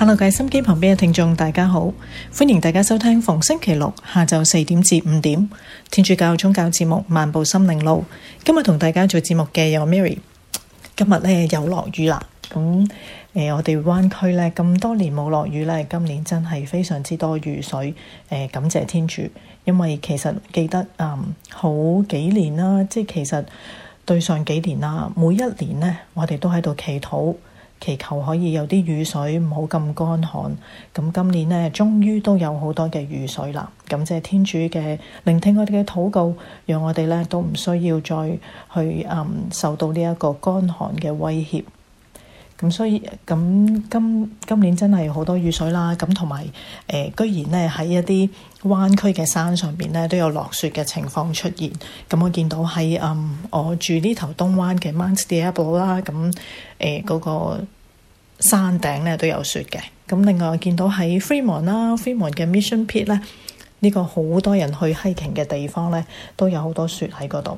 hello，各位心機旁邊嘅聽眾，大家好，歡迎大家收聽逢星期六下晝四點至五點天主教宗教節目《漫步心靈路》。今日同大家做節目嘅有我 Mary。今日咧，有落雨啦，咁、嗯、誒、呃，我哋灣區咧，咁多年冇落雨啦，今年真係非常之多雨水。誒、呃，感謝天主，因為其實記得誒、嗯、好幾年啦，即係其實對上幾年啊，每一年咧，我哋都喺度祈禱。祈求可以有啲雨水，唔好咁乾旱。咁今年呢，終於都有好多嘅雨水啦。感謝天主嘅聆聽我哋嘅禱告，讓我哋呢都唔需要再去嗯受到呢一個乾旱嘅威脅。咁所以咁今今年真係好多雨水啦，咁同埋誒居然咧喺一啲灣區嘅山上邊咧都有落雪嘅情況出現。咁我見到喺嗯我住呢頭東灣嘅 Mount Diablo 啦，咁誒嗰個山頂咧都有雪嘅。咁另外我見到喺 Fremont 啦 Fremont 嘅 Mission Peak 咧，呢、呢個好多人去 hiking 嘅地方咧都有好多雪喺嗰度。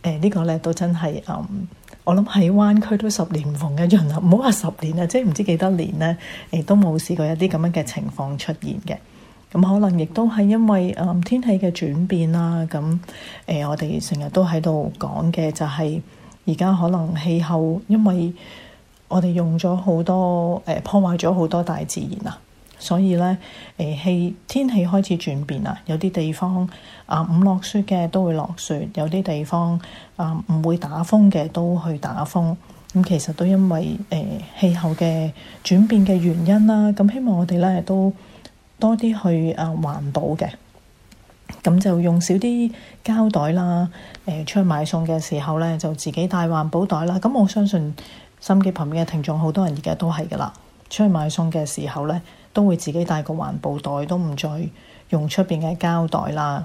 誒、欸這個、呢個咧都真係誒、嗯，我諗喺灣區都十年唔逢一閏啦，唔好話十年啊，即係唔知幾多年咧，誒都冇試過一啲咁樣嘅情況出現嘅。咁可能亦都係因為誒、嗯、天氣嘅轉變啦，咁誒、欸、我哋成日都喺度講嘅就係而家可能氣候因為我哋用咗好多誒、欸、破壞咗好多大自然啊。所以咧，誒氣天氣開始轉變啦。有啲地方啊，唔落雪嘅都會落雪；有啲地方啊，唔會打風嘅都去打風。咁其實都因為誒氣候嘅轉變嘅原因啦。咁希望我哋咧都多啲去啊環保嘅，咁就用少啲膠袋啦。誒出去買餸嘅時候咧，就自己帶環保袋啦。咁我相信收音機旁邊嘅聽眾好多人而家都係噶啦，出去買餸嘅時候咧。都會自己帶個環保袋，都唔再用出邊嘅膠袋啦。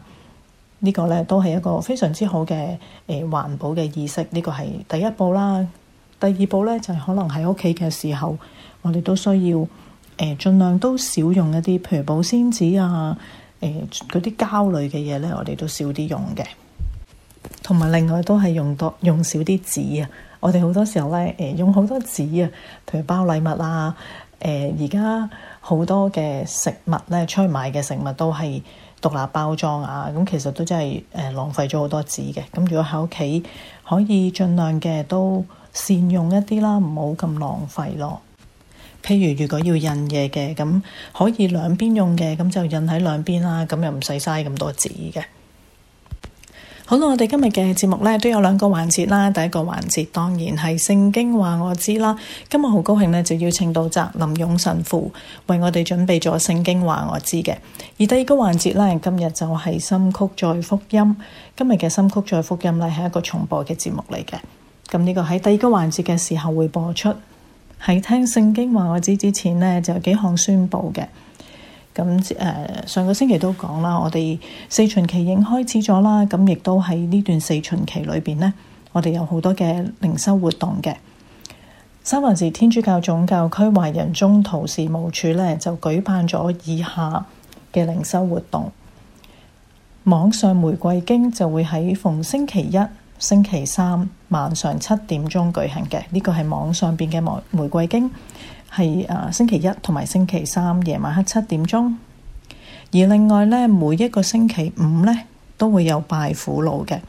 這個、呢個咧都係一個非常之好嘅誒環保嘅意識。呢、這個係第一步啦。第二步咧就係、是、可能喺屋企嘅時候，我哋都需要誒盡、呃、量都少用一啲，譬如保鮮紙啊，誒嗰啲膠類嘅嘢咧，我哋都少啲用嘅。同埋另外都係用多用少啲紙啊。我哋好多時候咧誒、呃、用好多紙啊，譬如包禮物啊，誒而家。好多嘅食物咧，出去買嘅食物都係獨立包裝啊，咁其實都真係誒浪費咗好多紙嘅。咁如果喺屋企可以盡量嘅都善用一啲啦，唔好咁浪費咯。譬如如果要印嘢嘅，咁可以兩邊用嘅，咁就印喺兩邊啦，咁又唔使嘥咁多紙嘅。好啦，我哋今日嘅節目咧都有兩個環節啦。第一個環節當然係《聖經話我知》啦。今日好高興呢就邀請到澤林勇神父為我哋準備咗《聖經話我知》嘅。而第二個環節呢，今日就係、是《心曲再福音》。今日嘅《心曲再福音》呢係一個重播嘅節目嚟嘅。咁呢個喺第二個環節嘅時候會播出。喺聽《聖經話我知》之前呢，就有幾項宣佈嘅。咁誒上個星期都講啦，我哋四旬期已經開始咗啦，咁亦都喺呢段四旬期裏邊呢，我哋有好多嘅靈修活動嘅。三藩市天主教總教區華人中堂事務處呢，就舉辦咗以下嘅靈修活動，網上玫瑰經就會喺逢星期一、星期三晚上七點鐘舉行嘅，呢個係網上邊嘅玫，玫瑰經。係誒，星期一同埋星期三夜晚黑七點鐘，而另外咧，每一個星期五咧都會有拜苦路嘅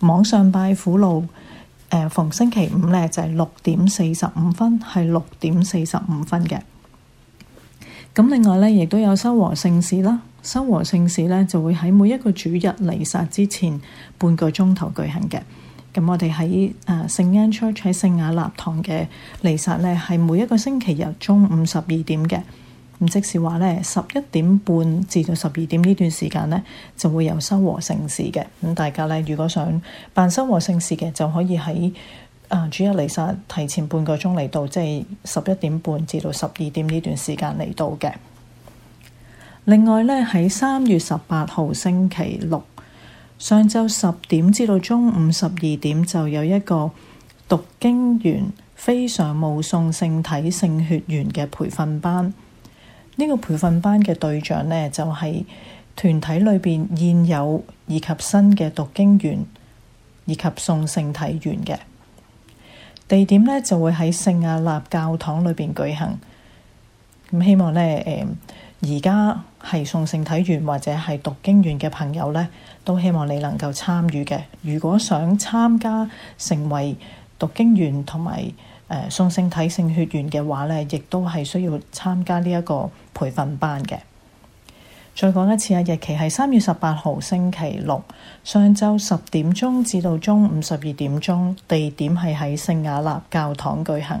網上拜苦路，呃，逢星期五咧就係六點四十五分，係六點四十五分嘅。咁另外咧，亦都有修和聖事啦。修和聖事咧就會喺每一個主日彌撒之前半個鐘頭舉行嘅。咁我哋喺聖安 church 喺聖雅納堂嘅彌撒呢，係每一個星期日中午十二點嘅。咁即是話呢，十一點半至到十二點呢段時間呢，就會有修和聖事嘅。咁大家呢，如果想辦修和聖事嘅，就可以喺主日彌撒提前半個鐘嚟到，即係十一點半至到十二點呢段時間嚟到嘅。另外呢，喺三月十八號星期六。上晝十點至到中午十二點就有一個讀經員非常務送聖體聖血員嘅培訓班。呢、這個培訓班嘅對象呢，就係、是、團體裏邊現有以及新嘅讀經員以及送聖體員嘅。地點呢，就會喺聖亞納教堂裏邊舉行。咁希望呢，誒而家。係送聖體員或者係讀經員嘅朋友呢，都希望你能夠參與嘅。如果想參加成為讀經員同埋誒送聖體聖血員嘅話呢，亦都係需要參加呢一個培訓班嘅。再講一次啊，日期係三月十八號星期六，上晝十點鐘至到中午十二點鐘，地點係喺聖雅納教堂舉行。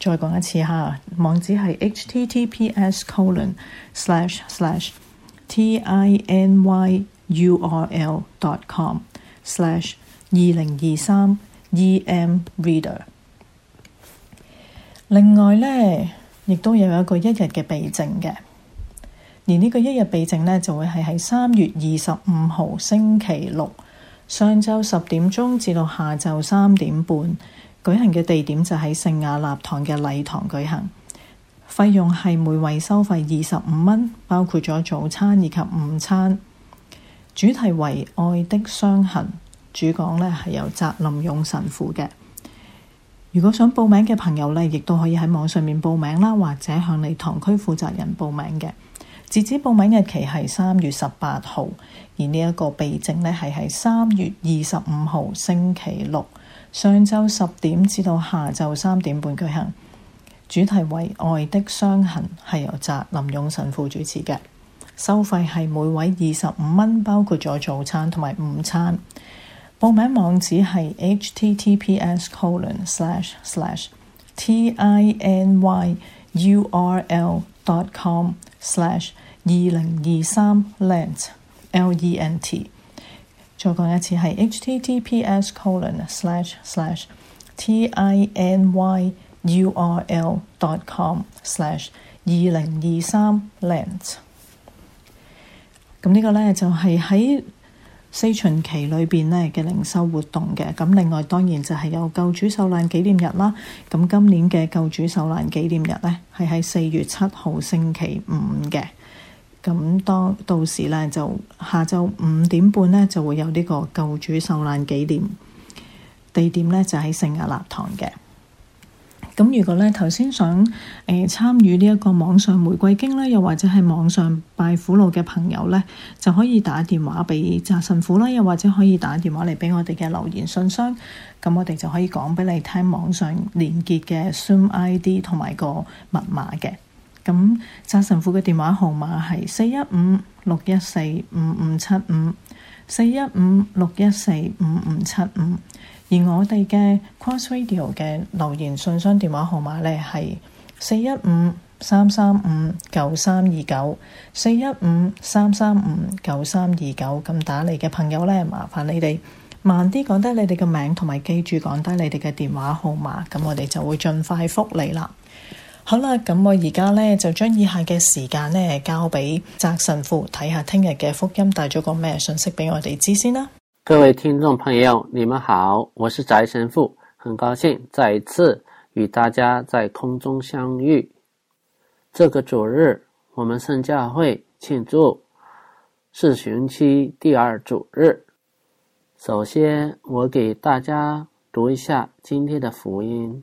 再講一次嚇，網址係 https:colon/slash/slash/tinyurl.com/slash dot 二零二三 em reader。Em er、另外呢，亦都有一個一日嘅備證嘅。而呢個一日備證呢，就會係喺三月二十五號星期六上晝十點鐘至到下晝三點半。舉行嘅地點就喺聖亞納堂嘅禮堂舉行，費用係每位收費二十五蚊，包括咗早餐以及午餐。主題為愛的傷痕，主講呢係由澤林勇神父嘅。如果想報名嘅朋友呢，亦都可以喺網上面報名啦，或者向你堂區負責人報名嘅。截止報名的日期係三月十八號，而呢一個備證呢係喺三月二十五號星期六。上晝十點至到下晝三點半舉行，主題為愛的傷痕，係由宅林勇神父主持嘅。收費係每位二十五蚊，包括咗早餐同埋午餐。報名網址係 h t t p s colon slash slash t i n y u r l dot com slash 二零二三 lent l e n t。再講一次，係 https:colon/slash/slash/tinyurl.com/slash dot 二零二三 lent。咁呢個咧就係喺四旬期裏邊咧嘅零售活動嘅。咁另外當然就係有救主受難紀念日啦。咁今年嘅救主受難紀念日咧，係喺四月七號星期五嘅。咁當到時咧，就下晝五點半咧就會有呢個救主受難紀念，地點咧就喺聖亞納堂嘅。咁如果咧頭先想誒、呃、參與呢一個網上玫瑰經啦，又或者係網上拜苦路嘅朋友咧，就可以打電話俾扎神父啦，又或者可以打電話嚟俾我哋嘅留言信箱，咁我哋就可以講俾你聽網上連結嘅 Zoom ID 同埋個密碼嘅。咁扎神父嘅電話號碼係四一五六一四五五七五，四一五六一四五五七五。而我哋嘅 Cross Radio 嘅留言信箱電話號碼咧係四一五三三五九三二九，四一五三三五九三二九。咁打嚟嘅朋友咧，麻煩你哋慢啲講低你哋嘅名，同埋記住講低你哋嘅電話號碼。咁我哋就會盡快覆你啦。好啦，咁我而家咧就將以下嘅時間咧交俾翟神父睇下，聽日嘅福音帶咗個咩信息俾我哋知先啦。各位聽眾朋友，你們好，我是翟神父，很高興再一次與大家在空中相遇。這個主日，我們聖教會慶祝四旬期第二主日。首先，我給大家讀一下今天的福音。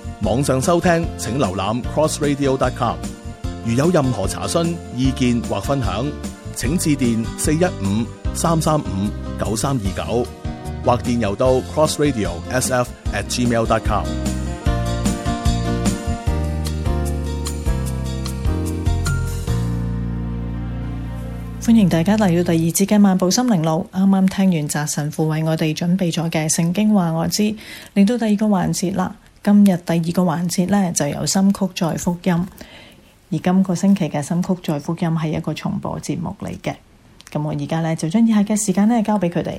網上收聽，請瀏覽 crossradio.com。如有任何查詢、意見或分享，請致電四一五三三五九三二九，或電郵到 crossradio.sf@gmail.com。Com 歡迎大家嚟到第二節嘅漫步心靈路。啱啱聽完澤神父為我哋準備咗嘅聖經話我知，嚟到第二個環節啦。今日第二個環節咧，就有《新曲再福音》，而今個星期嘅《新曲再福音》係一個重播節目嚟嘅。咁我而家咧，就將以下嘅時間咧交俾佢哋。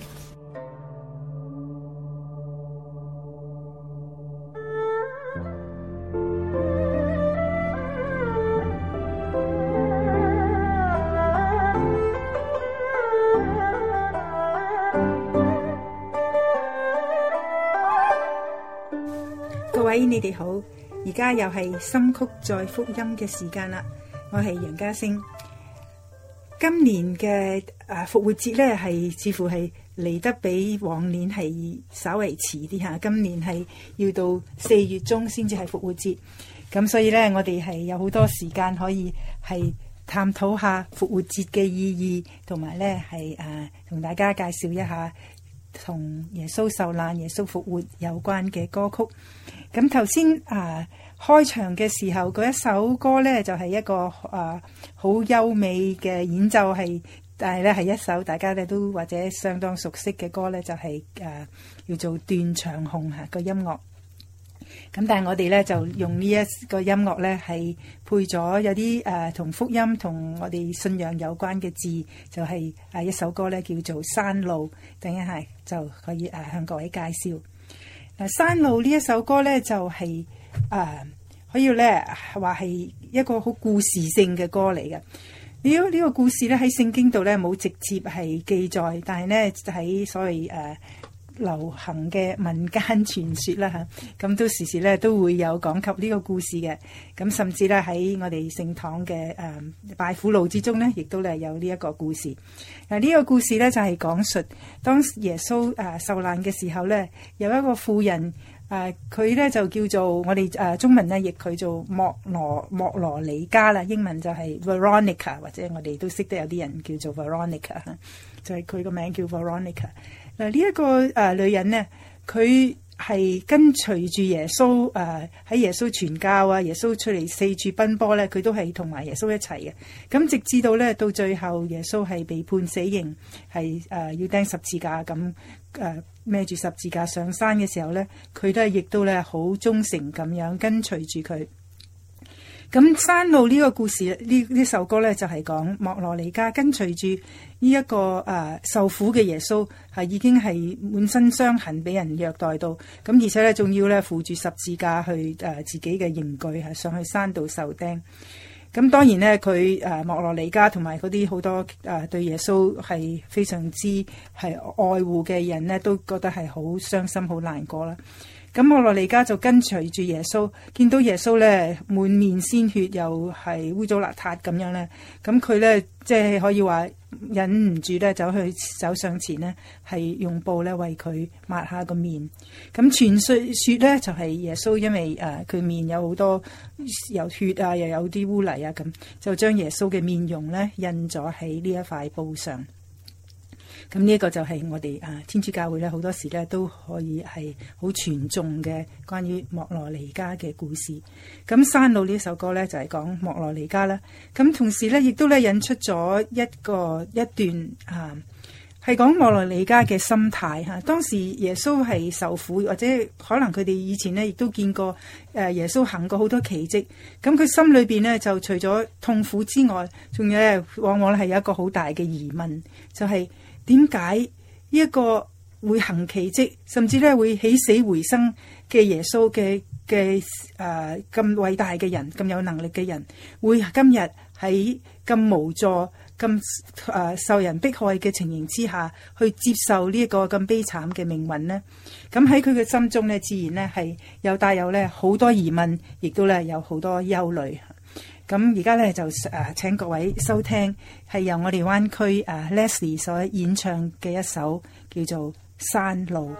你好，而家又係新曲再復音嘅時間啦。我係楊家聲。今年嘅誒復活節呢，係似乎係嚟得比往年係稍微遲啲吓。今年係要到四月中先至係復活節，咁所以呢，我哋係有好多時間可以係探討下復活節嘅意義，同埋呢係誒同大家介紹一下同耶穌受難、耶穌復活有關嘅歌曲。咁頭先啊，開場嘅時候嗰一首歌呢，就係、是、一個啊好優美嘅演奏係，但係呢係一首大家呢都或者相當熟悉嘅歌呢，就係、是啊、叫做斷腸紅嘅個音樂。咁但係我哋呢，就用呢一個音樂呢，係配咗有啲同、啊、福音同我哋信仰有關嘅字，就係、是、一首歌呢，叫做山路，等一下就可以向各位介紹。山路呢一首歌咧就係、是、誒、啊、可以咧話係一個好故事性嘅歌嚟嘅。呢、這、呢個故事咧喺聖經度咧冇直接係記載，但係咧喺所謂誒。啊流行嘅民間傳說啦嚇，咁、啊、都時時咧都會有講及呢個故事嘅，咁、啊、甚至咧喺我哋聖堂嘅誒、嗯、拜苦路之中呢，亦都咧有呢一個故事。嗱、啊、呢、這個故事咧就係、是、講述當耶穌誒、啊、受難嘅時候咧，有一個婦人誒，佢、啊、咧就叫做我哋誒中文咧，譯佢做莫羅莫羅尼加啦，英文就係 Veronica，或者我哋都識得有啲人叫做 Veronica，就係佢個名叫 Veronica。嗱呢一個誒女人呢，佢係跟隨住耶穌誒喺耶穌傳教啊，耶穌出嚟四處奔波咧，佢都係同埋耶穌一齊嘅。咁直至到咧到最後，耶穌係被判死刑，係誒、呃、要釘十字架咁誒孭住十字架上山嘅時候咧，佢都係亦都咧好忠誠咁樣跟隨住佢。咁山路呢個故事呢，呢首歌呢就係、是、講莫羅尼加跟隨住呢一個誒、呃、受苦嘅耶穌，係已經係滿身傷痕，俾人虐待到咁，而且呢，仲要呢扶住十字架去誒、呃、自己嘅刑具係上去山度受釘。咁當然呢，佢誒、呃、莫羅尼加同埋嗰啲好多誒、呃、對耶穌係非常之係愛護嘅人呢，都覺得係好傷心好難過啦。咁我落嚟而家就跟隨住耶穌，見到耶穌咧滿面鮮血又骯髒骯髒，又係污糟邋遢咁樣咧，咁佢咧即係可以話忍唔住咧走去走上前咧，係用布咧為佢抹下個面。咁傳説呢，咧就係耶穌因為佢面、啊、有好多有血啊，又有啲污泥啊咁，就將耶穌嘅面容咧印咗喺呢一塊布上。咁呢一個就係我哋啊天主教會咧，好多時咧都可以係好傳頌嘅關於莫羅尼加嘅故事。咁山路呢首歌咧就係講莫羅尼加啦。咁同時咧亦都咧引出咗一個一段啊，係講莫羅尼加嘅心態吓、啊。當時耶穌係受苦，或者可能佢哋以前咧亦都見過誒耶穌行過好多奇蹟。咁佢心裏邊咧就除咗痛苦之外，仲有咧往往咧係有一個好大嘅疑問，就係、是。點解呢一個會行奇跡，甚至咧會起死回生嘅耶穌嘅嘅誒咁偉大嘅人，咁有能力嘅人，會今日喺咁無助、咁誒受人迫害嘅情形之下，去接受呢一個咁悲慘嘅命運呢？咁喺佢嘅心中咧，自然咧係又帶有咧好多疑問，亦都咧有好多憂慮。咁而家咧就誒請各位收聽，係由我哋灣區誒 Les Leslie 所演唱嘅一首叫做《山路》。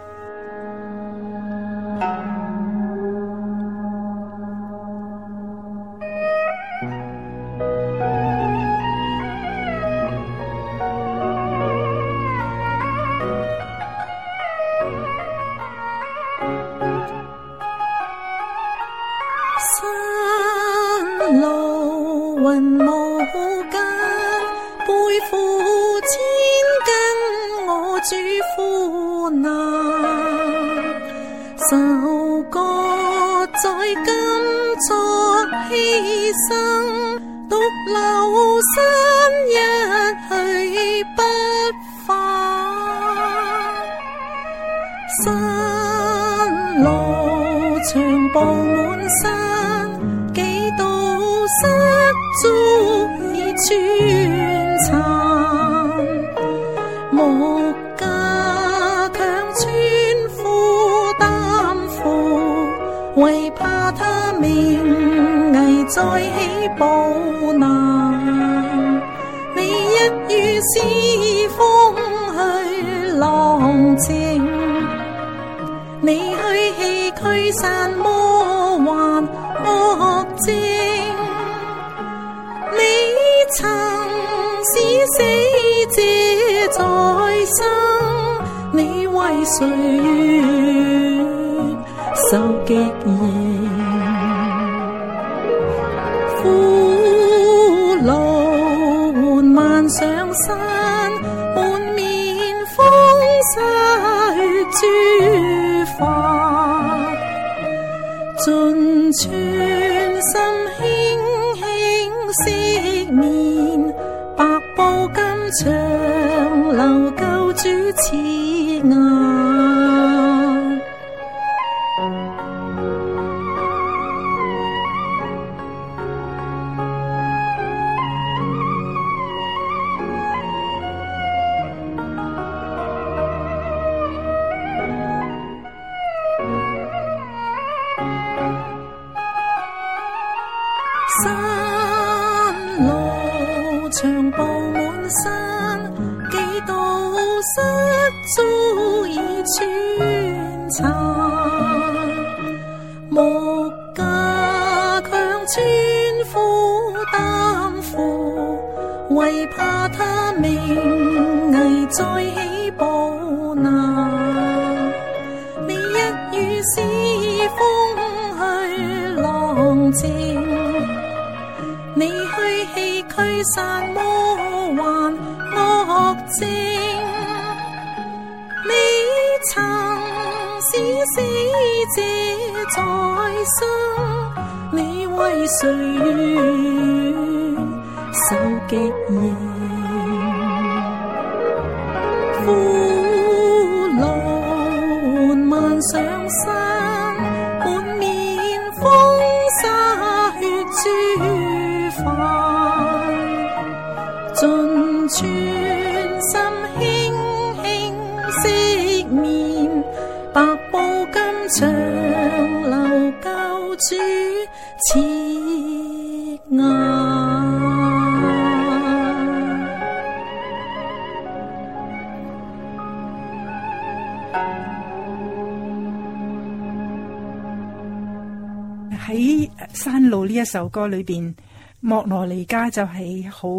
這首歌裏邊，莫羅尼加就係好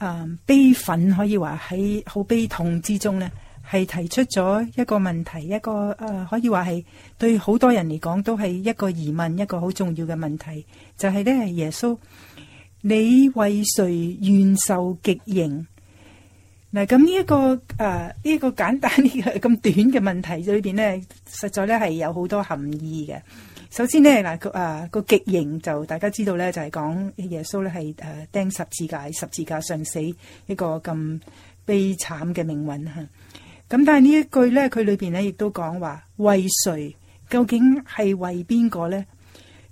誒悲憤，可以話喺好悲痛之中呢，係提出咗一個問題，一個誒、呃、可以話係對好多人嚟講都係一個疑問，一個好重要嘅問題，就係、是、呢：「耶穌，你為誰願受極刑？」嗱，咁呢一個誒呢一個簡單嘅咁、這個、短嘅問題裏邊呢，實在呢係有好多含義嘅。首先呢，嗱、個啊、個極刑就大家知道呢，就係、係、講耶穌呢係誒釘十字架，十字架上死一個咁悲慘嘅命運吓，咁但係呢一句呢，佢裏邊呢亦都講話為誰，究竟係為邊個呢，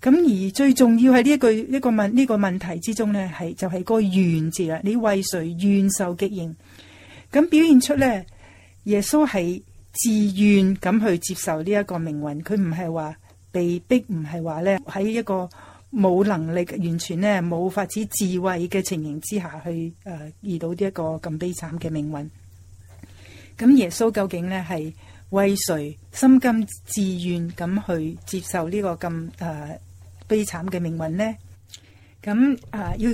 咁、嗯、而最重要係呢一句呢、呢個問呢、呢個問題之中呢，係就係、係個願字啊，你為誰願受極刑咁、嗯、表現出呢，耶穌係自願咁去接受呢一個命運，佢唔係話。被逼唔係話咧喺一個冇能力、完全咧冇法子自衛嘅情形之下，去誒、呃、遇到呢一個咁悲慘嘅命運。咁耶穌究竟咧係為誰心甘自願咁去接受呢個咁誒、呃、悲慘嘅命運呢？咁啊、呃、要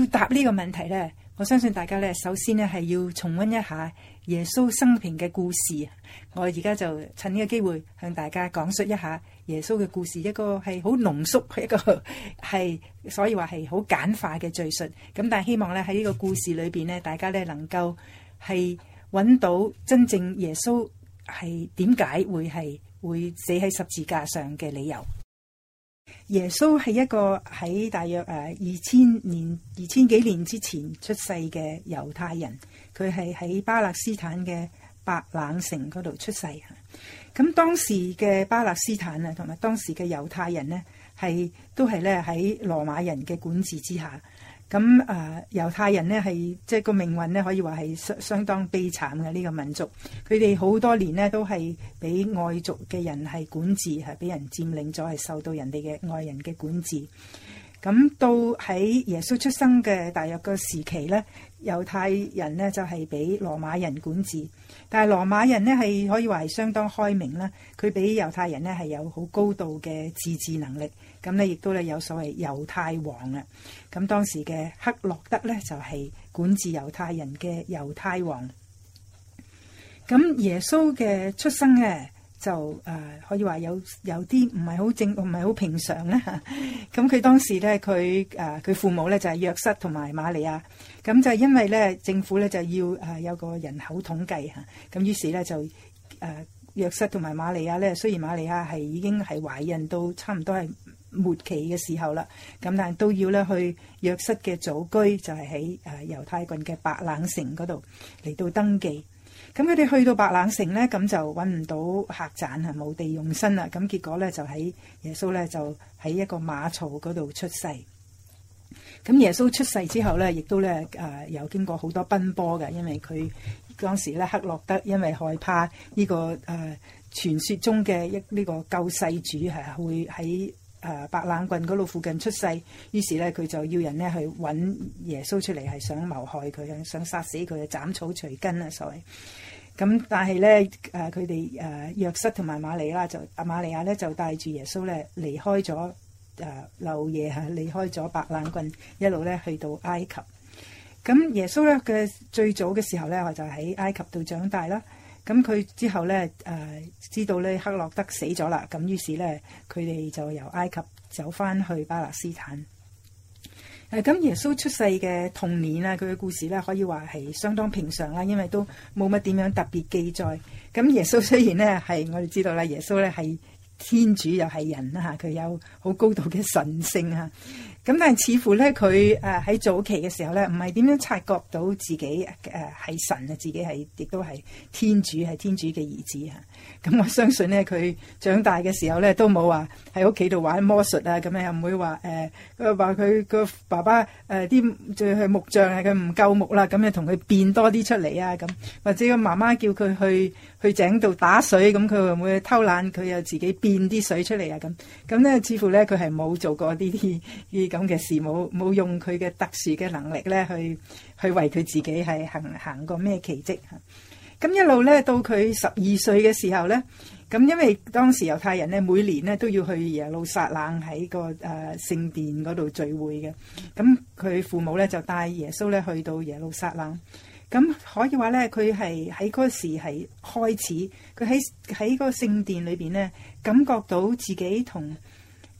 要答呢個問題咧？我相信大家咧，首先呢，係要重溫一下耶穌生平嘅故事。我而家就趁呢個機會向大家講述一下耶穌嘅故事，一個係好濃縮，一個係所以話係好簡化嘅敘述。咁但係希望咧喺呢個故事裏邊呢，大家咧能夠係揾到真正耶穌係點解會係會死喺十字架上嘅理由。耶穌係一個喺大約誒二千年二千幾年之前出世嘅猶太人，佢係喺巴勒斯坦嘅白冷城嗰度出世。咁當時嘅巴勒斯坦啊，同埋當時嘅猶太人呢，係都係咧喺羅馬人嘅管治之下。咁啊，猶太人呢，係即係個命運呢，可以話係相相當悲慘嘅呢個民族。佢哋好多年呢，都係俾外族嘅人係管治，係俾人佔領咗，係受到人哋嘅外人嘅管治。咁到喺耶穌出生嘅大約個時期呢，猶太人呢，就係俾羅馬人管治。但係羅馬人呢，係可以話係相當開明啦，佢俾猶太人呢，係有好高度嘅自治能力。咁咧，亦都咧有所謂猶太王啦。咁當時嘅黑洛德咧，就係、是、管治猶太人嘅猶太王。咁耶穌嘅出生咧，就、呃、可以話有有啲唔係好正，唔係好平常啦。咁 佢當時咧，佢佢、呃、父母咧就係、是、約瑟同埋瑪利亞。咁就係因為咧政府咧就要、呃、有個人口統計嚇。咁於是咧就誒、呃、約瑟同埋瑪利亞咧，雖然瑪利亞係已經係懷孕到差唔多係，末期嘅時候啦，咁但係都要咧去約瑟嘅祖居，就係喺誒猶太郡嘅白冷城嗰度嚟到登記。咁佢哋去到白冷城咧，咁就揾唔到客棧係，冇地用身啦。咁結果咧就喺耶穌咧就喺一個馬槽嗰度出世。咁耶穌出世之後咧，亦都咧誒、呃、又經過好多奔波嘅，因為佢當時咧黑落德因為害怕呢、這個誒傳説中嘅一呢個，這個救世主係會喺，誒白冷郡嗰度附近出世，於是咧佢就要人咧去揾耶穌出嚟，係想謀害佢，想殺死佢，斬草除根啊！所謂咁，但係咧誒佢哋誒約瑟同埋瑪利啦，瑪利就阿瑪利亞咧就帶住耶穌咧離開咗誒漏夜嚇，離開咗白冷郡，一路咧去到埃及。咁耶穌咧佢最早嘅時候咧，我就喺埃及度長大啦。咁佢之後咧，誒知道咧，克諾德死咗啦。咁於是咧，佢哋就由埃及走翻去巴勒斯坦。誒咁耶穌出世嘅童年啊，佢嘅故事咧，可以話係相當平常啦，因為都冇乜點樣特別記載。咁耶穌雖然咧係我哋知道啦，耶穌咧係天主又係人啦嚇，佢有好高度嘅神性嚇。咁但係似乎咧佢誒喺早期嘅時候咧，唔係點樣察覺到自己誒係神啊，自己係亦都係天主係天主嘅兒子啊。咁、嗯、我相信咧佢長大嘅時候咧都冇話喺屋企度玩魔術啊，咁樣又唔會話誒話佢個爸爸誒啲再去木匠係佢唔夠木啦，咁又同佢變多啲出嚟啊。咁或者個媽媽叫佢去去井度打水，咁佢會唔會偷懶佢又自己變啲水出嚟啊？咁咁咧似乎咧佢係冇做過呢啲。咁嘅事，冇冇用佢嘅特殊嘅能力咧，去去為佢自己係行行過咩奇蹟。咁一路咧到佢十二歲嘅時候咧，咁因為當時猶太人咧每年咧都要去耶路撒冷喺個誒聖殿嗰度聚會嘅，咁佢父母咧就帶耶穌咧去到耶路撒冷，咁可以話咧佢係喺嗰時係開始，佢喺喺個聖殿裏邊咧感覺到自己同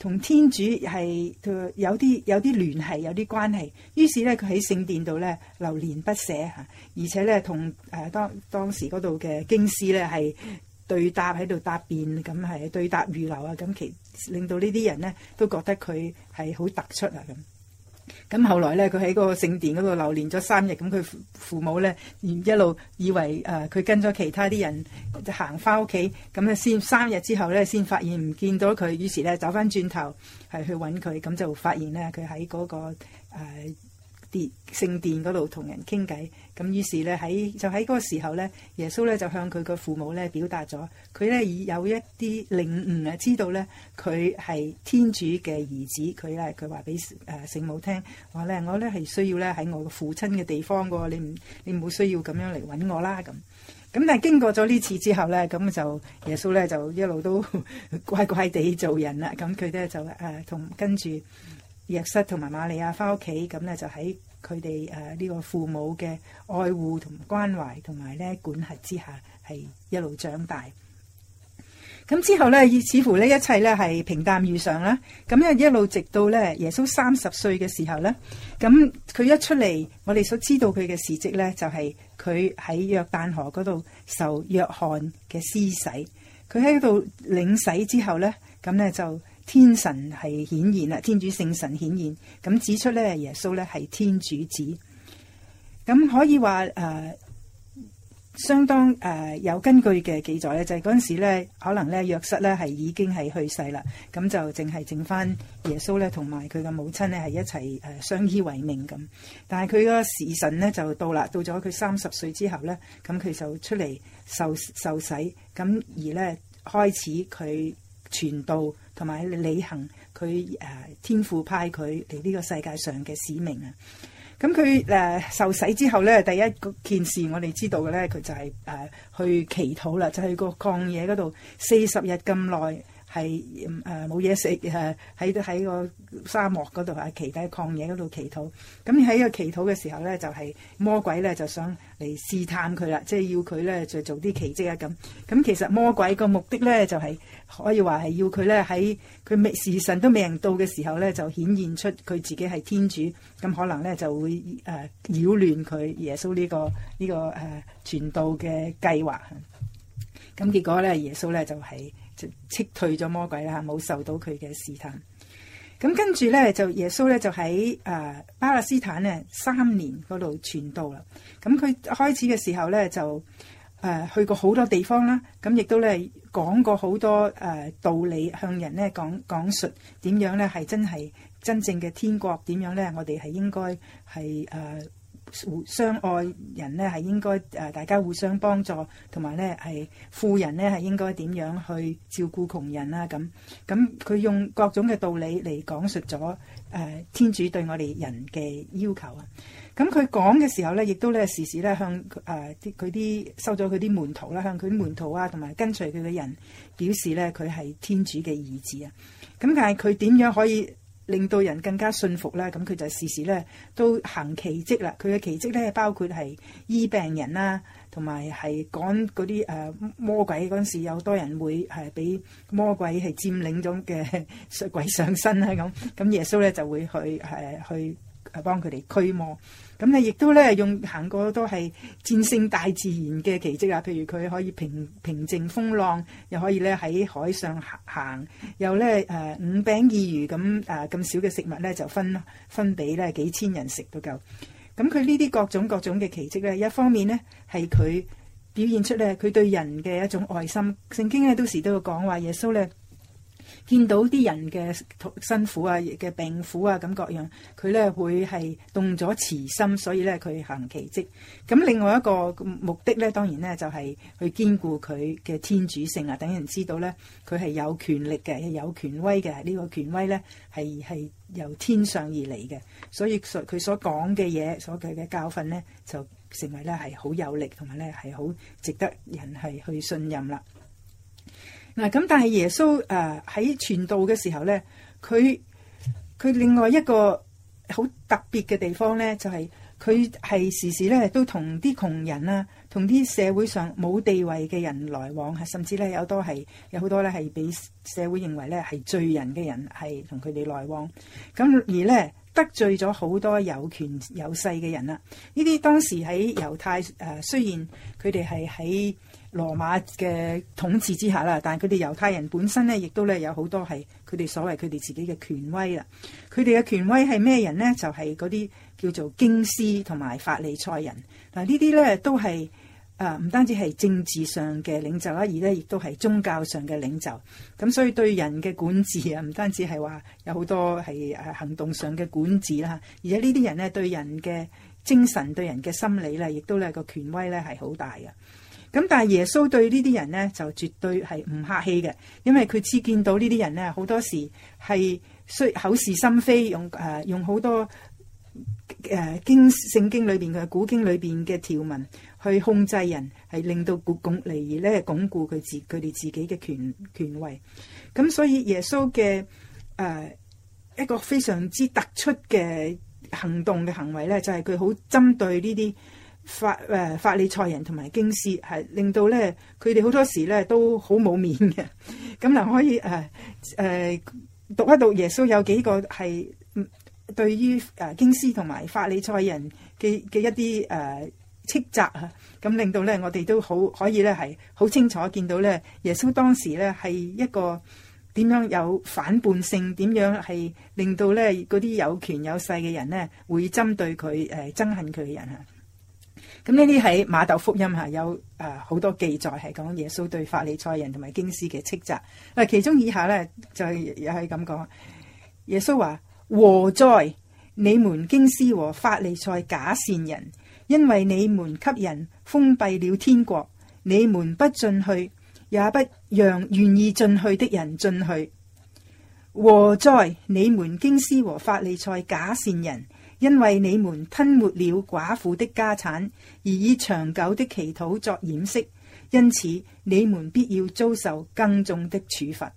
同天主係有啲有啲聯繫，有啲關係。於是咧，佢喺聖殿度咧流連不捨嚇，而且咧同誒當當時嗰度嘅經師咧係對答喺度答辯，咁係對答如流啊！咁其實令到呢啲人咧都覺得佢係好突出啊咁。咁後來咧，佢喺個聖殿嗰度留連咗三日，咁佢父母咧，一路以為呃、佢、跟咗其他啲人行翻屋企，咁咧先三日之後咧，先發現唔見到佢，於是咧走翻轉頭係去揾佢，咁就發現咧佢喺嗰個、呃聖殿嗰度同人傾偈，咁於是咧喺就喺嗰個時候咧，耶穌咧就向佢個父母咧表達咗，佢咧已有一啲領悟啊，知道咧佢係天主嘅兒子，佢咧佢話俾誒聖母聽，話咧我咧係需要咧喺我個父親嘅地方喎，哦，你唔你唔好需要咁樣嚟搵我啦咁，咁但係經過咗呢次之後咧，咁就耶穌咧就一路都呵呵乖乖地做人啦，咁佢咧就誒同、呃、跟住。約瑟同埋瑪利亞翻屋企，咁咧就喺佢哋誒呢個父母嘅愛護同關懷，同埋咧管轄之下，係一路長大。咁之後咧，似乎咧一切咧係平淡如常啦。咁樣一路直到咧耶穌三十歲嘅時候咧，咁佢一出嚟，我哋所知道佢嘅事蹟咧，就係佢喺約旦河嗰度受約翰嘅施洗。佢喺度領洗之後咧，咁咧就。天神係顯現啦，天主聖神顯現咁指出咧，耶穌咧係天主子咁，可以話誒、呃、相當誒、呃、有根據嘅記載咧，就係嗰陣時咧，可能咧約瑟咧係已經係去世啦，咁就淨係剩翻耶穌咧同埋佢嘅母親咧係一齊誒、呃、相依為命咁。但係佢個時辰咧就到啦，到咗佢三十歲之後咧，咁佢就出嚟受受洗，咁而咧開始佢傳道。同埋履行佢誒天父派佢嚟呢個世界上嘅使命啊！咁佢誒受洗之後咧，第一件事我哋知道嘅咧，佢就係誒去祈禱啦，就去、是、個曠野嗰度四十日咁耐。係誒冇嘢食，誒喺喺個沙漠嗰度啊，祈底曠野嗰度祈禱。咁喺個祈禱嘅時候咧，就係、是、魔鬼咧就想嚟試探佢啦，即係要佢咧再做啲奇蹟啊咁。咁其實魔鬼個目的咧就係、是、可以話係要佢咧喺佢未時辰都未到嘅時候咧，就顯現出佢自己係天主。咁可能咧就會誒、呃、擾亂佢耶，、這個這個呃、耶穌呢個呢個誒傳道嘅計劃。咁結果咧，耶穌咧就係、是。撤退咗魔鬼啦，冇受到佢嘅試探。咁跟住呢，就耶穌呢，就喺誒、呃、巴勒斯坦呢三年嗰度傳道啦。咁佢開始嘅時候呢，就誒、呃、去過好多地方啦。咁亦都呢講過好多誒、呃、道理，向人呢講講述點樣呢係真係真正嘅天國點樣呢？我哋係應該係誒。呃互相愛人咧係應該誒，大家互相幫助，同埋咧係富人咧係應該點樣去照顧窮人啊。咁咁佢用各種嘅道理嚟講述咗誒、呃、天主對我哋人嘅要求啊。咁佢講嘅時候咧，亦都咧時時咧向誒佢啲收咗佢啲門徒啦，向佢啲門徒啊同埋跟隨佢嘅人表示咧佢係天主嘅兒子啊。咁但係佢點樣可以？令到人更加信服啦，咁佢就事事咧都行奇蹟啦佢嘅奇迹咧包括係醫病人啦，同埋係趕嗰啲誒魔鬼。嗰陣時有好多人會係俾魔鬼係佔領咗嘅鬼上身啦。咁咁耶穌咧就會去誒去誒幫佢哋驅魔。咁你亦都咧用行過都係戰勝大自然嘅奇蹟啊！譬如佢可以平平靜風浪，又可以咧喺海上行，又咧五餅二魚咁咁少嘅食物咧就分分俾咧幾千人食都夠。咁佢呢啲各種各種嘅奇蹟咧，一方面咧係佢表現出咧佢對人嘅一種愛心。聖經咧到時都會講話耶穌咧。見到啲人嘅辛苦啊、嘅病苦啊咁各樣，佢呢會係動咗慈心，所以呢，佢行奇蹟。咁另外一個目的呢，當然呢，就係、是、去兼顧佢嘅天主性啊，等人知道呢，佢係有權力嘅、有權威嘅。呢、呢個權威呢，係係由天上而嚟嘅，所以佢所講嘅嘢、所佢嘅教訓呢，就成為呢，係好有力，同埋呢，係好值得人係去信任啦。嗱咁、啊，但係耶穌誒喺傳道嘅時候咧，佢佢另外一個好特別嘅地方咧，就係佢係時時咧都同啲窮人啊，同啲社會上冇地位嘅人來往啊，甚至咧有多係有好多咧係俾社會認為咧係罪人嘅人，係同佢哋來往。咁而咧得罪咗好多有權有勢嘅人啦。呢啲當時喺猶太誒、呃，雖然佢哋係喺羅馬嘅統治之下啦，但係佢哋猶太人本身呢，亦都咧有好多係佢哋所謂佢哋自己嘅權威啦。佢哋嘅權威係咩人呢？就係嗰啲叫做經師同埋法利賽人。嗱呢啲呢，都係誒唔單止係政治上嘅領袖啦，而呢亦都係宗教上嘅領袖。咁所以對人嘅管治啊，唔單止係話有好多係行動上嘅管治啦，而且呢啲人呢，對人嘅精神、對人嘅心理呢，亦都咧個權威咧係好大嘅。咁但係耶穌對這些呢啲人咧就絕對係唔客氣嘅，因為佢知見到這些呢啲人咧好多時係需口是心非，用誒、呃、用好多誒、呃、經聖經裏邊嘅古經裏邊嘅條文去控制人，係令到古鞏離而咧，鞏固佢自佢哋自己嘅權權威。咁所以耶穌嘅誒一個非常之突出嘅行動嘅行為咧，就係佢好針對呢啲。法誒、呃、法利賽人同埋經師係令到咧佢哋好多時咧都好冇面嘅，咁嗱可以誒誒、呃、讀一讀耶穌有幾個係對於誒經、呃、師同埋法利賽人嘅嘅一啲誒、呃、斥責啊，咁令到咧我哋都好可以咧係好清楚見到咧耶穌當時咧係一個點樣有反叛性，點樣係令到咧嗰啲有權有勢嘅人咧會針對佢誒、呃、憎恨佢嘅人啊！咁呢啲喺瑪竇福音下有誒好、呃、多記載係講耶穌對法利賽人同埋經師嘅斥責，嗱其中以下咧就係又係咁講，耶穌話：禍哉你們經師和法利賽假善人，因為你們給人封閉了天國，你們不進去，也不讓願意進去的人進去。禍哉你們經師和法利賽假善人！因為你們吞沒了寡婦的家產，而以長久的祈禱作掩飾，因此你們必要遭受更重的處罰。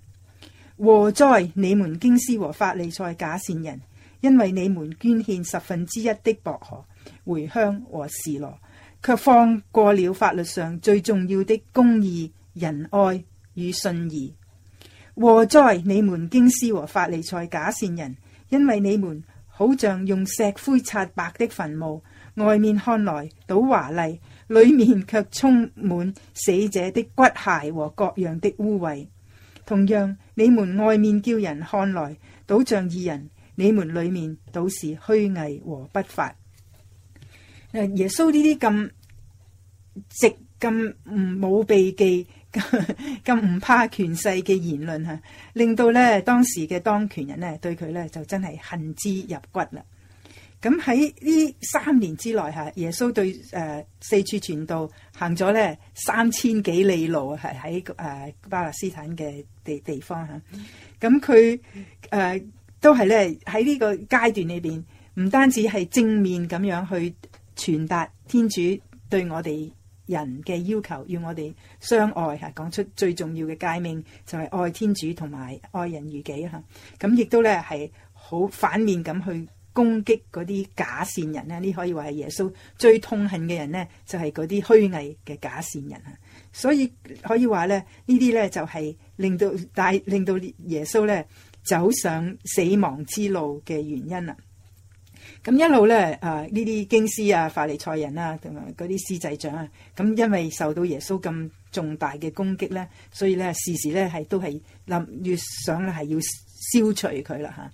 禍災你們經師和法利賽假善人，因為你們捐獻十分之一的薄荷、茴香和蒔蘿，卻放過了法律上最重要的公義、仁愛與信義。禍災你們經師和法利賽假善人，因為你們。好像用石灰擦白的墳墓，外面看來倒華麗，裏面卻充滿死者的骨骸和各樣的污穢。同樣，你們外面叫人看來，倒像義人；你們裏面倒是虛偽和不法。耶穌呢啲咁直，咁唔冇避忌。咁唔 怕權勢嘅言論吓，令到咧當時嘅當權人咧對佢咧就真係恨之入骨啦。咁喺呢三年之內吓，耶穌對誒、呃、四處傳道行咗，行咗咧三千幾里路，係喺誒巴勒斯坦嘅地地方吓。咁佢誒都係咧喺呢個階段裏邊，唔單止係正面咁樣去傳達天主對我哋。人嘅要求，要我哋相愛吓，講出最重要嘅誡命就係、是、愛天主同埋愛人如己吓。咁亦都咧係好反面咁去攻擊嗰啲假善人咧，呢可以話係耶穌最痛恨嘅人呢就係嗰啲虛偽嘅假善人。所以可以話咧，呢啲咧就係令到帶令到耶穌咧走上死亡之路嘅原因啊！咁一路咧，啊呢啲經師啊、法利賽人啊、同埋嗰啲司祭長啊，咁因為受到耶穌咁重大嘅攻擊咧，所以咧時時咧係都係越想咧係要消除佢啦嚇。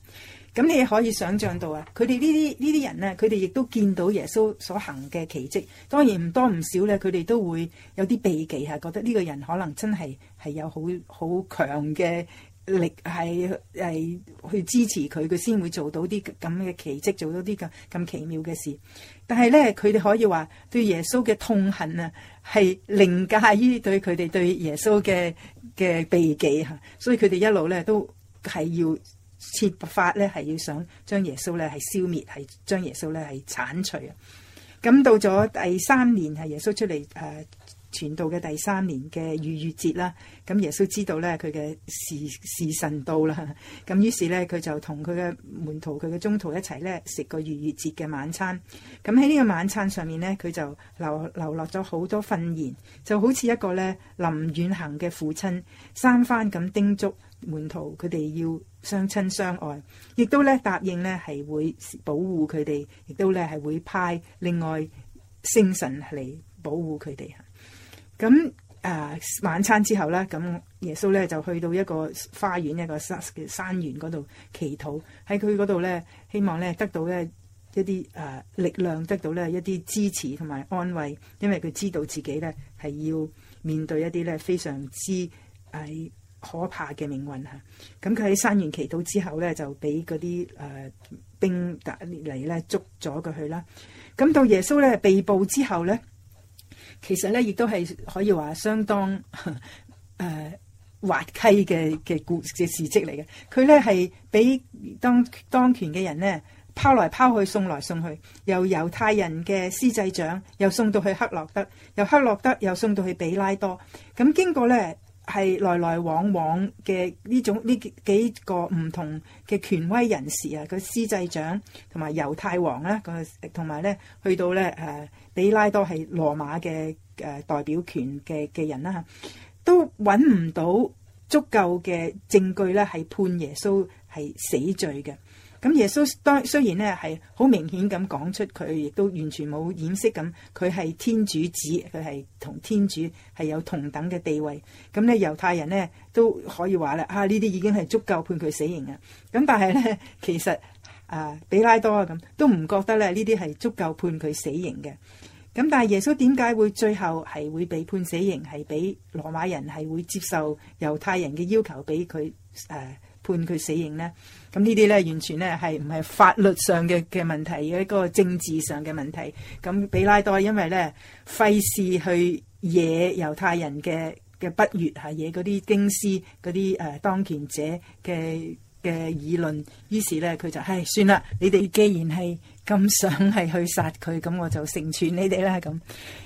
咁你可以想像到啊，佢哋呢啲呢啲人咧、啊，佢哋亦都見到耶穌所行嘅奇蹟，當然唔多唔少咧，佢哋都會有啲避忌嚇，覺得呢個人可能真係係有好好強嘅，力係係去支持佢，佢先會做到啲咁嘅奇蹟，做到啲咁咁奇妙嘅事。但係咧，佢哋可以話對耶穌嘅痛恨啊，係凌駕於對佢哋對耶穌嘅嘅避忌吓。所以佢哋一路咧都係要設法咧，係要想將耶穌咧係消滅，係將耶穌咧係鏟除啊。咁到咗第三年，係耶穌出嚟誒。傳道嘅第三年嘅逾越節啦，咁耶穌知道咧，佢嘅時時辰到啦，咁於是咧佢就同佢嘅門徒、佢嘅宗徒一齊咧食個逾越節嘅晚餐。咁喺呢個晚餐上面咧，佢就留留落咗好多訓言，就好似一個咧臨遠行嘅父親三番咁叮囑門徒佢哋要相親相愛，亦都咧答應咧係會保護佢哋，亦都咧係會派另外聖神嚟保護佢哋。咁啊、呃、晚餐之後咧，咁耶穌咧就去到一個花園一個山嘅山園嗰度祈禱。喺佢嗰度咧，希望咧得到咧一啲啊、呃、力量，得到咧一啲支持同埋安慰，因為佢知道自己咧係要面對一啲咧非常之誒、啊、可怕嘅命運嚇。咁佢喺山園祈禱之後咧，就俾嗰啲誒兵突嚟咧捉咗佢去啦。咁到耶穌咧被捕之後咧。其實咧，亦都係可以話相當誒、呃、滑稽嘅嘅故嘅事蹟嚟嘅。佢咧係俾當當權嘅人呢拋來拋去、送來送去。由猶太人嘅司祭長又送到去克諾德，由克諾德又送到去比拉多。咁經過呢，係來來往往嘅呢種呢幾個唔同嘅權威人士啊，個司祭長同埋猶太王呢，個同埋呢去到呢。誒、呃。比拉多係羅馬嘅，誒、代表權嘅嘅人啦，都揾唔到足夠嘅證據咧，係判耶穌係死罪嘅。咁耶穌當雖然咧係好明顯咁講出佢，亦都完全冇掩飾咁，佢係天主子，佢係同天主係有同等嘅地位。咁咧猶太人咧都可以話啦，啊呢啲已經係足夠判佢死刑嘅啊。咁但係咧其實啊比拉多啊咁都唔覺得咧呢啲係足夠判佢死刑嘅。咁但係耶穌點解會最後係會被判死刑？係俾羅馬人係會接受猶太人嘅要求俾佢誒判佢死刑呢？咁呢啲呢，完全呢，係唔係法律上嘅嘅問題，而一個政治上嘅問題。咁比拉多因為呢，費事去惹猶太人嘅嘅不悦，吓惹嗰啲經師嗰啲誒當權者嘅嘅議論，於是呢，佢就唉、哎、算啦，你哋既然係。咁想係去殺佢，咁我就成全你哋啦。咁，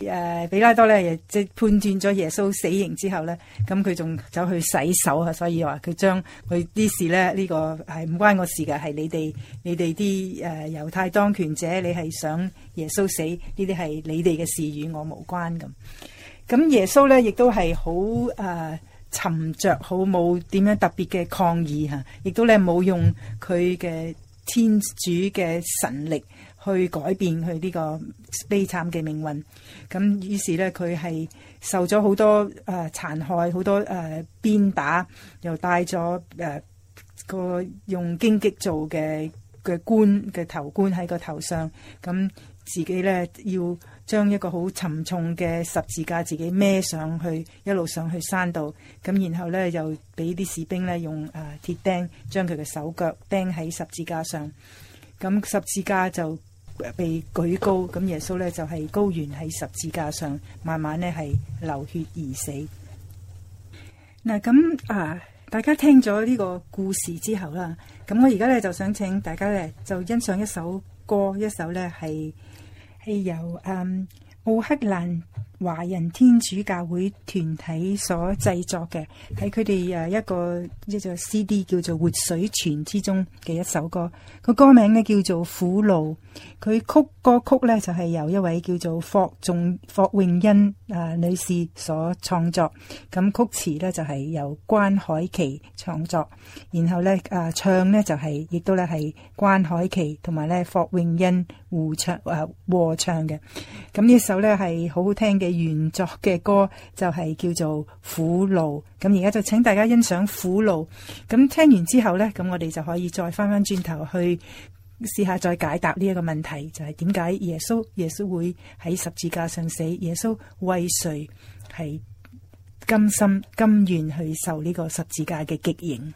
誒，比拉多咧，即判斷咗耶穌死刑之後咧，咁佢仲走去洗手啊，所以話佢將佢啲事咧，呢個係唔關我事嘅，係你哋，你哋啲誒猶太當權者，你係想耶穌死呢啲係你哋嘅事，與我無關咁。咁耶穌咧亦都係好誒沉着，好冇點樣特別嘅抗議吓，亦都咧冇用佢嘅天主嘅神力。去改變佢呢個悲慘嘅命運，咁於是呢，佢係受咗好多誒、呃、殘害，好多誒、呃、鞭打，又戴咗誒個用荊棘做嘅嘅冠嘅頭冠喺個頭上，咁自己呢，要將一個好沉重嘅十字架自己孭上去，一路上去山度，咁然後呢，又俾啲士兵呢，用誒、呃、鐵釘將佢嘅手腳釘喺十字架上，咁十字架就被舉高，咁耶穌呢就係、是、高懸喺十字架上，慢慢呢係流血而死。嗱，咁啊，大家聽咗呢個故事之後啦，咁我而家呢就想請大家呢就欣賞一首歌，一首呢係係由阿烏、um, 克蘭華人天主教會團體所製作嘅喺佢哋誒一個呢個 CD 叫做《活水泉》之中嘅一首歌，個歌名咧叫做《苦路》。佢曲歌曲咧就係由一位叫做霍仲霍永恩啊女士所創作，咁曲詞咧就係由關海琪創作，然後咧啊唱咧就係亦都咧係關海琪同埋咧霍永恩互唱啊和唱嘅。咁呢首咧係好好聽嘅。原作嘅歌就係叫做《苦路》，咁而家就請大家欣賞《苦路》。咁聽完之後呢，咁我哋就可以再翻翻轉頭去試下再解答呢一個問題，就係點解耶穌耶穌會喺十字架上死？耶穌為誰係甘心甘願去受呢個十字架嘅極刑？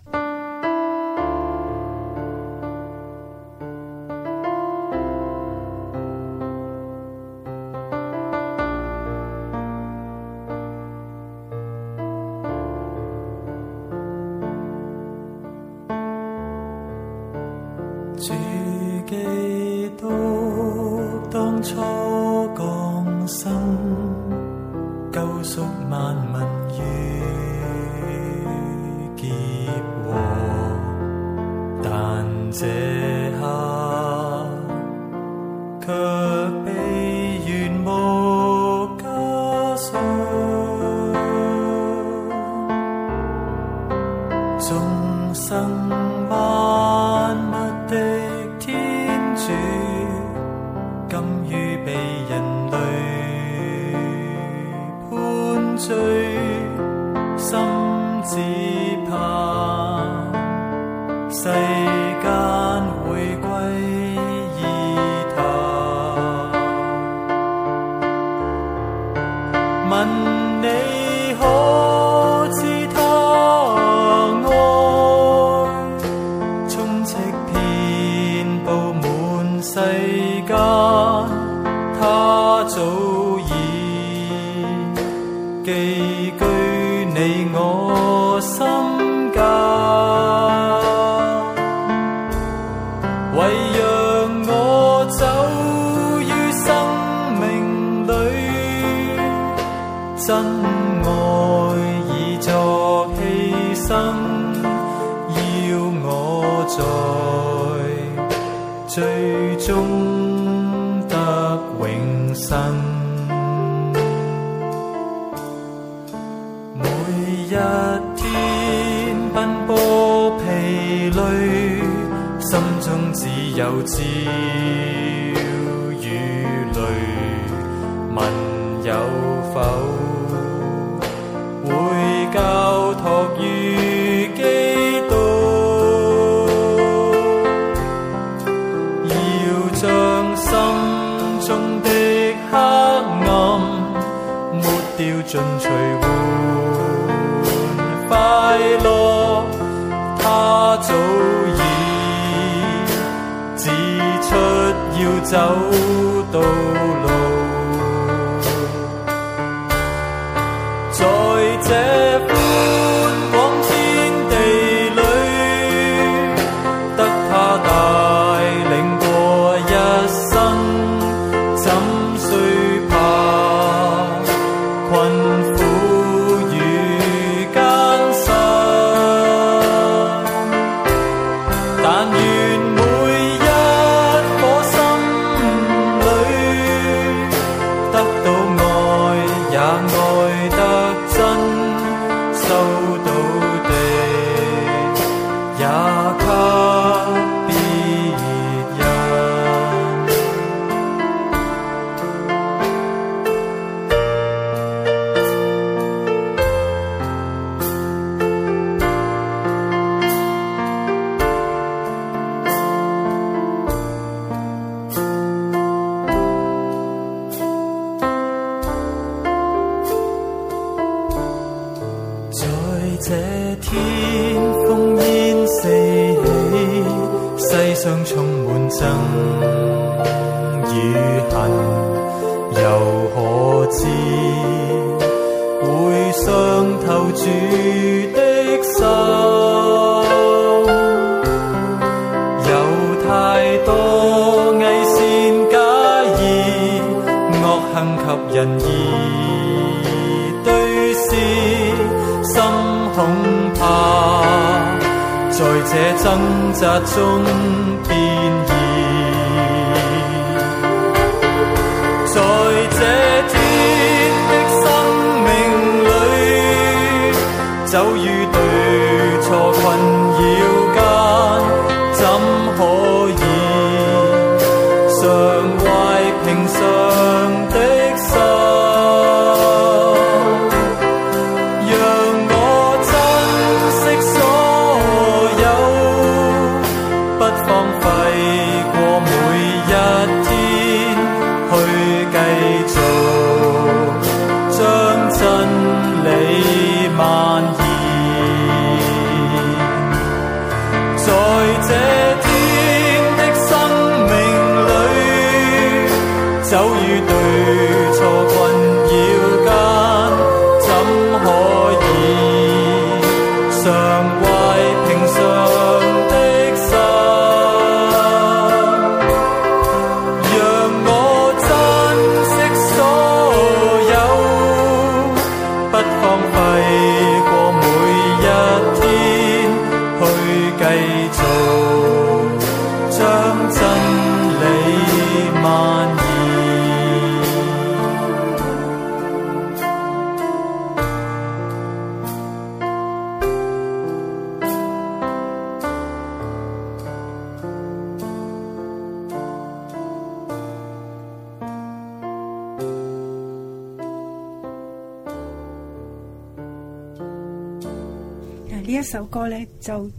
就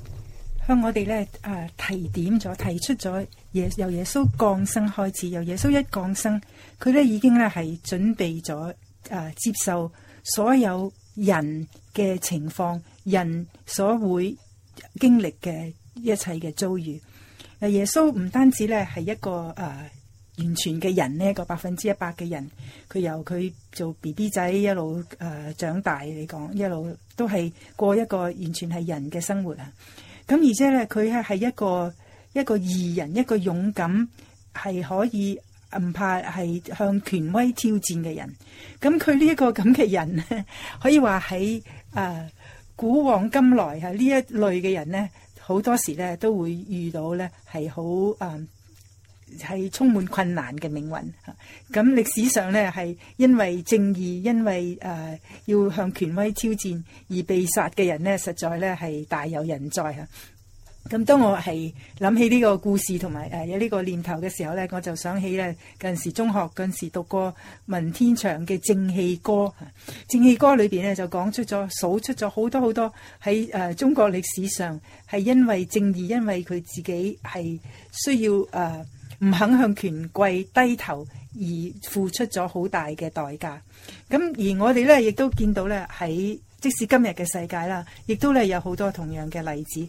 向我哋咧誒提點咗，提出咗耶由耶穌降生開始，由耶穌一降生，佢咧已經咧係準備咗誒接受所有人嘅情況，人所會經歷嘅一切嘅遭遇。誒，耶穌唔單止咧係一個誒完全嘅人呢，個百分之一百嘅人，佢由佢做 BB 仔一路誒長大嚟講，一路。都係過一個完全係人嘅生活啊！咁而且咧，佢係係一個一個義人，一個勇敢，係可以唔怕係向權威挑戰嘅人。咁佢呢一個咁嘅人咧，可以話喺誒古往今來啊，呢一類嘅人咧，好多時咧都會遇到咧係好誒，係充滿困難嘅命運，咁歷史上呢，係因為正義，因為誒、呃、要向權威挑戰而被殺嘅人呢，實在呢係大有人在吓。咁當我係諗起呢個故事同埋誒有呢個念頭嘅時候呢，我就想起呢，近時中學陣時讀過文天祥嘅《正氣歌》，《正氣歌》裏邊呢，就講出咗數出咗好多好多喺誒、呃、中國歷史上係因為正義，因為佢自己係需要誒。呃唔肯向權貴低頭而付出咗好大嘅代價，咁而我哋咧亦都見到咧喺即使今日嘅世界啦，亦都咧有好多同樣嘅例子，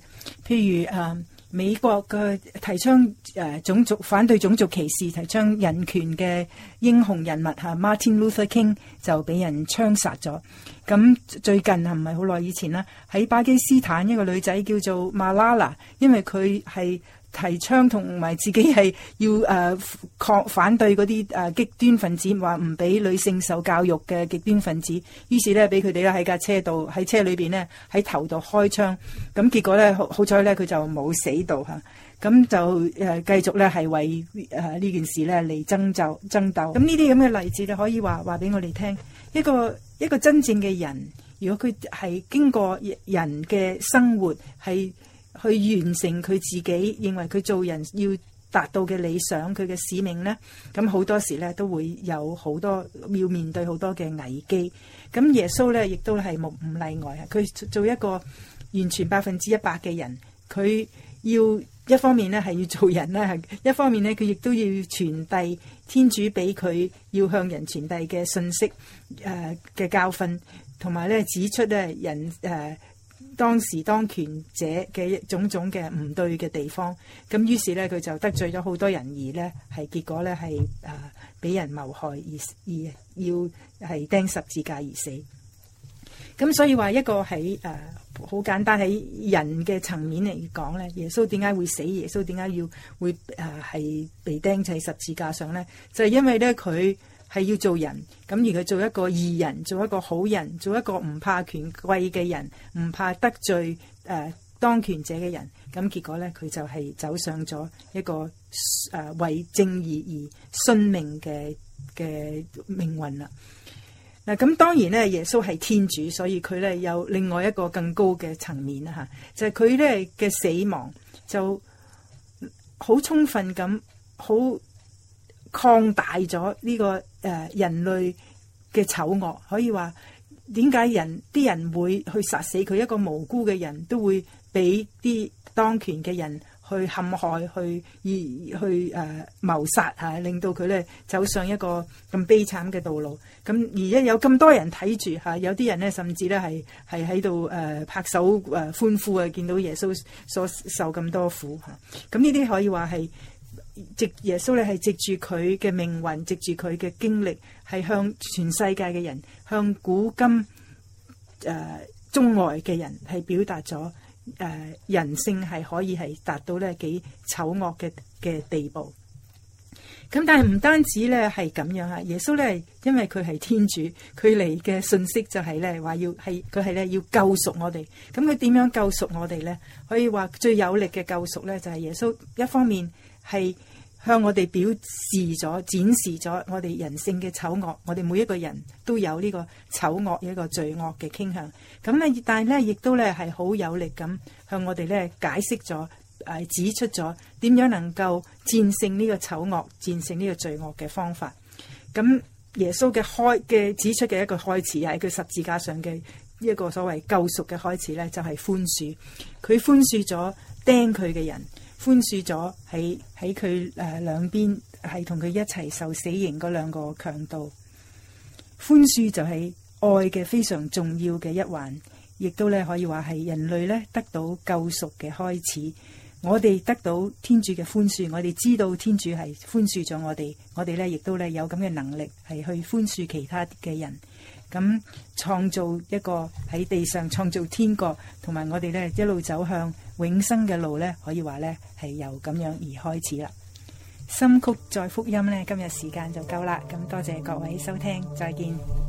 譬如誒、啊、美國嘅提倡誒、啊、種族反對種族歧視，提倡人權嘅英雄人物嚇、啊、Martin Luther King 就俾人槍殺咗，咁最近係唔係好耐以前啦？喺巴基斯坦一個女仔叫做 Malala，因為佢係，提倡同埋自己係要抗、呃、反對嗰啲誒極端分子，話唔俾女性受教育嘅極端分子，於是咧俾佢哋咧喺架車度喺車裏面咧喺頭度開槍，咁結果咧好彩咧佢就冇死到嚇，咁、啊、就誒繼續咧係為呢、啊、件事咧嚟爭就爭鬥。咁呢啲咁嘅例子，你可以話話俾我哋聽，一個一個真正嘅人，如果佢係經過人嘅生活係。去完成佢自己認為佢做人要達到嘅理想，佢嘅使命咧，咁好多時咧都會有好多要面對好多嘅危機，咁耶穌咧亦都係冇唔例外啊！佢做一個完全百分之一百嘅人，佢要一方面咧係要做人啦，一方面咧佢亦都要傳遞天主俾佢要向人傳遞嘅信息，誒、呃、嘅教訓，同埋咧指出咧人誒。呃當時當權者嘅一種種嘅唔對嘅地方，咁於是咧佢就得罪咗好多人，而咧係結果咧係誒俾人謀害而而要係釘十字架而死，咁所以話一個喺誒好簡單喺人嘅層面嚟講咧，耶穌點解會死？耶穌點解要會誒係、呃、被釘喺十字架上咧？就係、是、因為咧佢。係要做人，咁而佢做一個義人，做一個好人，做一個唔怕權貴嘅人，唔怕得罪誒、呃、當權者嘅人，咁結果呢，佢就係走上咗一個誒、呃、為正義而殉命嘅嘅命運啦。嗱，咁當然呢，耶穌係天主，所以佢呢有另外一個更高嘅層面吓、啊，就係佢呢嘅死亡就好充分咁好。很擴大咗呢、這個誒、呃、人類嘅醜惡，可以話點解人啲人會去殺死佢一個無辜嘅人都會俾啲當權嘅人去陷害、去以去誒謀殺吓，令到佢咧走上一個咁悲慘嘅道路。咁而家有咁多人睇住吓，有啲人咧甚至咧係係喺度誒拍手誒、呃、歡呼啊！見到耶穌所受咁多苦吓，咁呢啲可以話係。直耶穌咧，係藉住佢嘅命運，藉住佢嘅經歷，係向全世界嘅人，向古今誒、呃、中外嘅人，係表達咗誒人性係可以係達到咧幾醜惡嘅嘅地步。咁但係唔單止咧係咁樣呀，耶穌咧，因為佢係天主，佢嚟嘅信息就係咧話要係佢係咧要救贖我哋。咁佢點樣救贖我哋咧？可以話最有力嘅救贖咧，就係、是、耶穌一方面。係向我哋表示咗、展示咗我哋人性嘅醜惡，我哋每一個人都有呢個醜惡、一個罪惡嘅傾向。咁咧，但係咧，亦都咧係好有力咁向我哋咧解釋咗、誒、呃、指出咗點樣能夠戰勝呢個醜惡、戰勝呢個罪惡嘅方法。咁耶穌嘅開嘅指出嘅一個開始，喺佢十字架上嘅一個所謂救贖嘅開始咧，就係、是、寬恕。佢寬恕咗釘佢嘅人。寬恕咗喺喺佢誒兩邊係同佢一齊受死刑嗰兩個強盜，寬恕就係愛嘅非常重要嘅一環，亦都咧可以話係人類咧得到救贖嘅開始。我哋得到天主嘅寬恕，我哋知道天主係寬恕咗我哋，我哋咧亦都咧有咁嘅能力係去寬恕其他嘅人，咁創造一個喺地上創造天國，同埋我哋咧一路走向。永生嘅路呢，可以話呢係由咁樣而開始啦。心曲再福音呢，今日時間就夠啦。咁多謝各位收聽，再見。